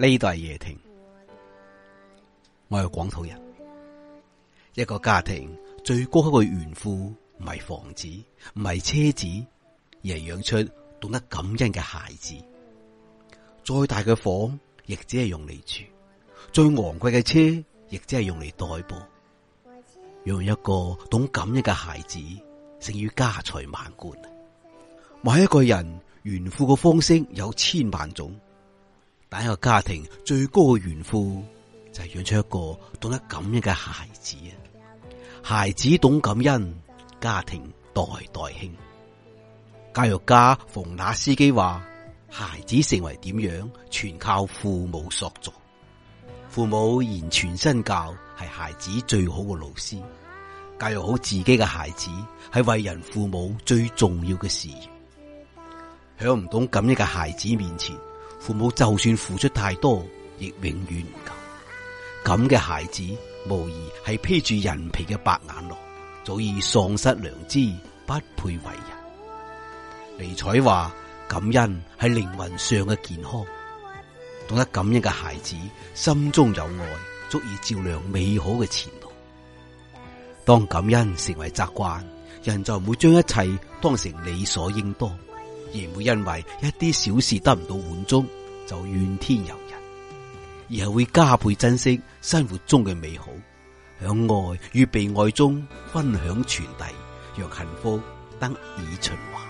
呢度係夜庭，我係廣土人。一個家庭最高級嘅炫富唔係房子，唔係車子，而係養出懂得感恩嘅孩子。再大嘅房，亦只係用嚟住，最昂貴嘅車，亦只係用嚟代步。養一個懂感恩嘅孩子，勝於家財萬貫。買一個人炫富嘅方式有千萬種。但一個家庭最高嘅炫富就係、是、養出一個懂得感恩嘅孩子啊！孩子懂感恩，家庭代代興。教育家馮那斯基話：孩子成為點樣，全靠父母塑造。父母言傳身教係孩子最好嘅老師。教育好自己嘅孩子，係為人父母最重要嘅事。響唔懂感恩嘅孩子面前。父母就算付出太多，亦永遠唔夠。咁嘅孩子無疑係披住人皮嘅白眼狼，早已喪失良知，不配為人。尼采話：感恩係靈魂上嘅健康。懂得感恩嘅孩子，心中有愛，足以照亮美好嘅前路。當感恩成為習慣，人就唔會將一切當成理所應當。而唔會因為一啲小事得唔到滿足，就怨天尤人，而係會加倍珍惜生活中嘅美好，響愛與被愛中分享傳遞，讓幸福得以循環。